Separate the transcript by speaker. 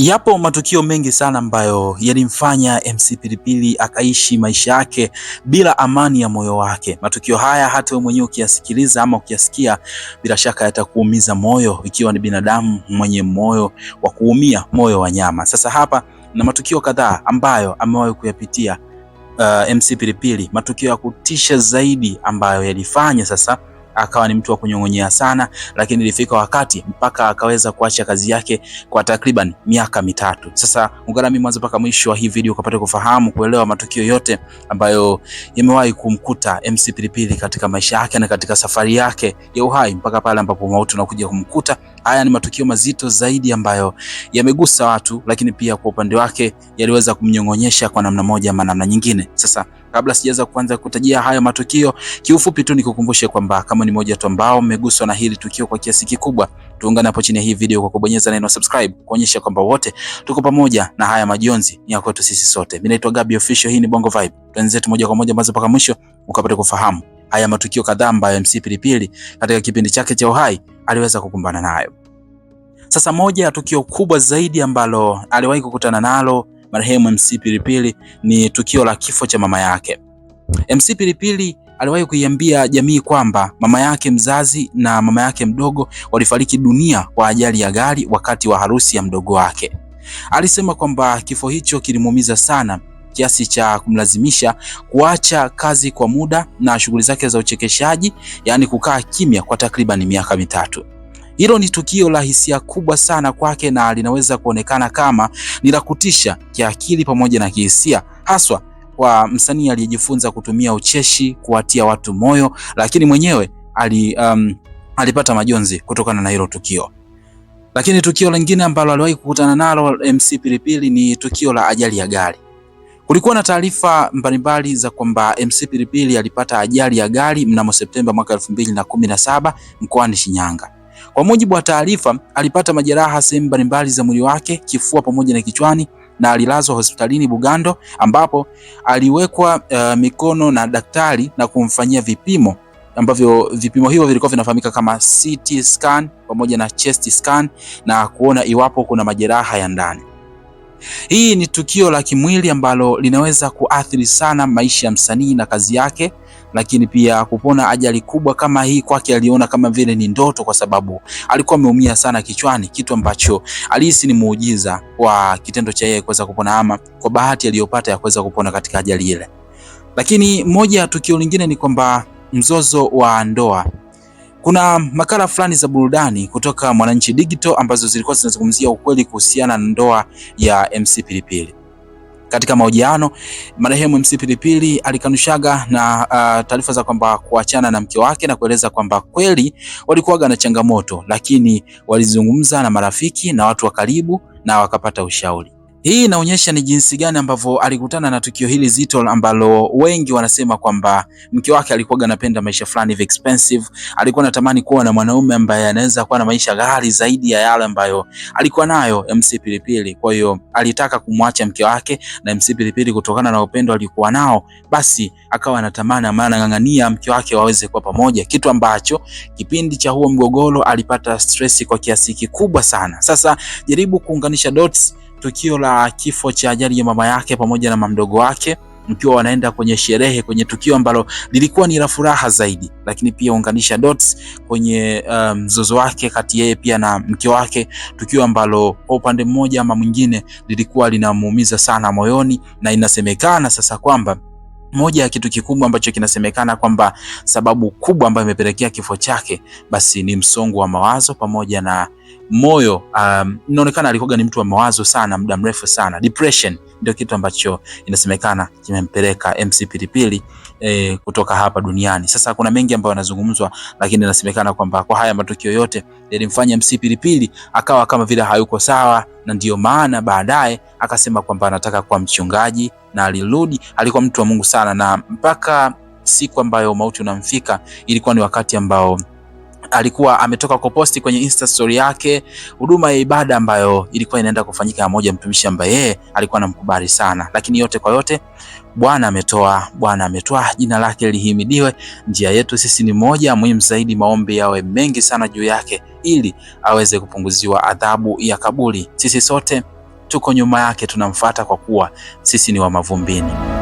Speaker 1: Yapo matukio mengi sana ambayo yalimfanya MC Pilipili akaishi maisha yake bila amani ya moyo wake. Matukio haya hata wewe mwenyewe ukiyasikiliza ama ukiyasikia, bila shaka yatakuumiza moyo, ikiwa ni binadamu mwenye moyo wa kuumia, moyo wa nyama. Sasa hapa na matukio kadhaa ambayo amewahi kuyapitia uh, MC Pilipili, matukio ya kutisha zaidi ambayo yalifanya sasa akawa ni mtu wa kunyong'onyea sana, lakini ilifika wakati mpaka akaweza kuacha kazi yake kwa takriban miaka mitatu. Sasa ungana mimi mwanzo mpaka mwisho wa hii video ukapata kufahamu kuelewa matukio yote ambayo yamewahi kumkuta MC Pilipili katika maisha yake na katika safari yake ya uhai mpaka pale ambapo mauti unakuja kumkuta Haya ni matukio mazito zaidi ambayo yamegusa watu, lakini pia kwa upande wake yaliweza kumnyong'onyesha kwa namna moja ama namna nyingine. Sasa kabla sijaweza kuanza kutajia hayo matukio, kiufupi tu nikukumbushe kwamba kama ni moja tu ambao umeguswa na hili tukio kwa kiasi kikubwa, tuungane hapo chini ya hii video kwa kubonyeza neno subscribe, kuonyesha kwamba wote tuko pamoja na haya majonzi ni ya kwetu sisi sote. Mimi naitwa Gabi Official, hii ni Bongo Vibe. Tuanze moja kwa moja mpaka mwisho ukapate kufahamu haya matukio kadhaa ambayo MC Pilipili katika kipindi chake cha uhai aliweza kukumbana nayo. Sasa moja ya tukio kubwa zaidi ambalo aliwahi kukutana nalo marehemu MC Pilipili ni tukio la kifo cha mama yake. MC Pilipili aliwahi kuiambia jamii kwamba mama yake mzazi na mama yake mdogo walifariki dunia kwa ajali ya gari wakati wa harusi ya mdogo wake. Alisema kwamba kifo hicho kilimuumiza sana kiasi cha kumlazimisha kuacha kazi kwa muda na shughuli zake za uchekeshaji, yaani kukaa kimya kwa takriban miaka mitatu. Hilo ni tukio la hisia kubwa sana kwake na linaweza kuonekana kama ni la kutisha kiakili pamoja na kihisia, haswa kwa msanii aliyejifunza kutumia ucheshi kuwatia watu moyo, lakini mwenyewe ali, um, alipata majonzi kutokana na hilo tukio. Lakini tukio lingine ambalo aliwahi kukutana nalo MC Pilipili ni tukio la ajali ya gari. Kulikuwa na taarifa mbalimbali za kwamba MC Pilipili alipata ajali ya gari mnamo Septemba mwaka 2017 mkoani Shinyanga. Kwa mujibu wa taarifa, alipata majeraha sehemu mbalimbali za mwili wake, kifua pamoja na kichwani na alilazwa hospitalini Bugando ambapo aliwekwa uh, mikono na daktari na kumfanyia vipimo ambavyo vipimo hivyo vilikuwa vinafahamika kama CT scan pamoja na chest scan na kuona iwapo kuna majeraha ya ndani. Hii ni tukio la kimwili ambalo linaweza kuathiri sana maisha ya msanii na kazi yake, lakini pia kupona ajali kubwa kama hii kwake aliona kama vile ni ndoto, kwa sababu alikuwa ameumia sana kichwani, kitu ambacho alihisi ni muujiza wa kitendo cha yeye kuweza kupona ama kwa bahati aliyopata ya kuweza kupona katika ajali ile. Lakini moja ya tukio lingine ni kwamba mzozo wa ndoa kuna makala fulani za burudani kutoka Mwananchi Digital ambazo zilikuwa zinazungumzia ukweli kuhusiana na ndoa ya MC Pilipili. Katika mahojiano, marehemu MC Pilipili alikanushaga na uh, taarifa za kwamba kuachana na mke wake na kueleza kwamba kweli walikuwaga na changamoto, lakini walizungumza na marafiki na watu wa karibu na wakapata ushauri. Hii inaonyesha ni jinsi gani ambavyo alikutana na tukio hili zito ambalo wengi wanasema kwamba mke wake alikuwa anapenda maisha fulani hivi expensive, alikuwa anatamani kuwa na mwanaume ambaye anaweza kuwa na maisha ghali zaidi ya yale ambayo alikuwa nayo MC Pilipili. Kwa hiyo alitaka kumwacha mke wake na MC Pilipili kutokana na upendo alikuwa nao, basi akawa anatamani ama anang'ang'ania mke wake waweze kuwa pamoja, kitu ambacho kipindi cha huo mgogoro alipata stress kwa kiasi kikubwa sana. Sasa jaribu kuunganisha dots tukio la kifo cha ajali ya mama yake pamoja na mamdogo wake mkiwa wanaenda kwenye sherehe kwenye tukio ambalo lilikuwa ni la furaha zaidi, lakini pia unganisha dots kwenye um, mzozo um, wake kati yeye pia na mke wake, tukio ambalo kwa upande mmoja ama mwingine lilikuwa linamuumiza sana moyoni, na inasemekana sasa kwamba moja ya kitu kikubwa ambacho kinasemekana kwamba sababu kubwa ambayo imepelekea kifo chake basi ni msongo wa mawazo pamoja na moyo um, inaonekana um, alikuwa ni mtu wa mawazo sana, muda mrefu sana. Depression ndio kitu ambacho inasemekana kimempeleka MC Pilipili e, kutoka hapa duniani. Sasa kuna mengi ambayo yanazungumzwa, lakini inasemekana kwamba kwa haya matukio yote yalimfanya MC Pilipili akawa kama vile hayuko sawa, na ndiyo maana baadaye akasema kwamba anataka kuwa mchungaji, na alirudi. Alikuwa mtu wa Mungu sana, na mpaka siku ambayo mauti unamfika ilikuwa ni wakati ambao alikuwa ametoka kuposti kwenye Insta story yake huduma ya ibada ambayo ilikuwa inaenda kufanyika moja mtumishi ambaye yeye alikuwa anamkubali sana, lakini yote kwa yote Bwana ametoa, Bwana ametoa, jina lake lihimidiwe. Njia yetu sisi ni moja, muhimu zaidi maombi yawe mengi sana juu yake ili aweze kupunguziwa adhabu ya kaburi. Sisi sote tuko nyuma yake, tunamfuata kwa kuwa sisi ni wa mavumbini.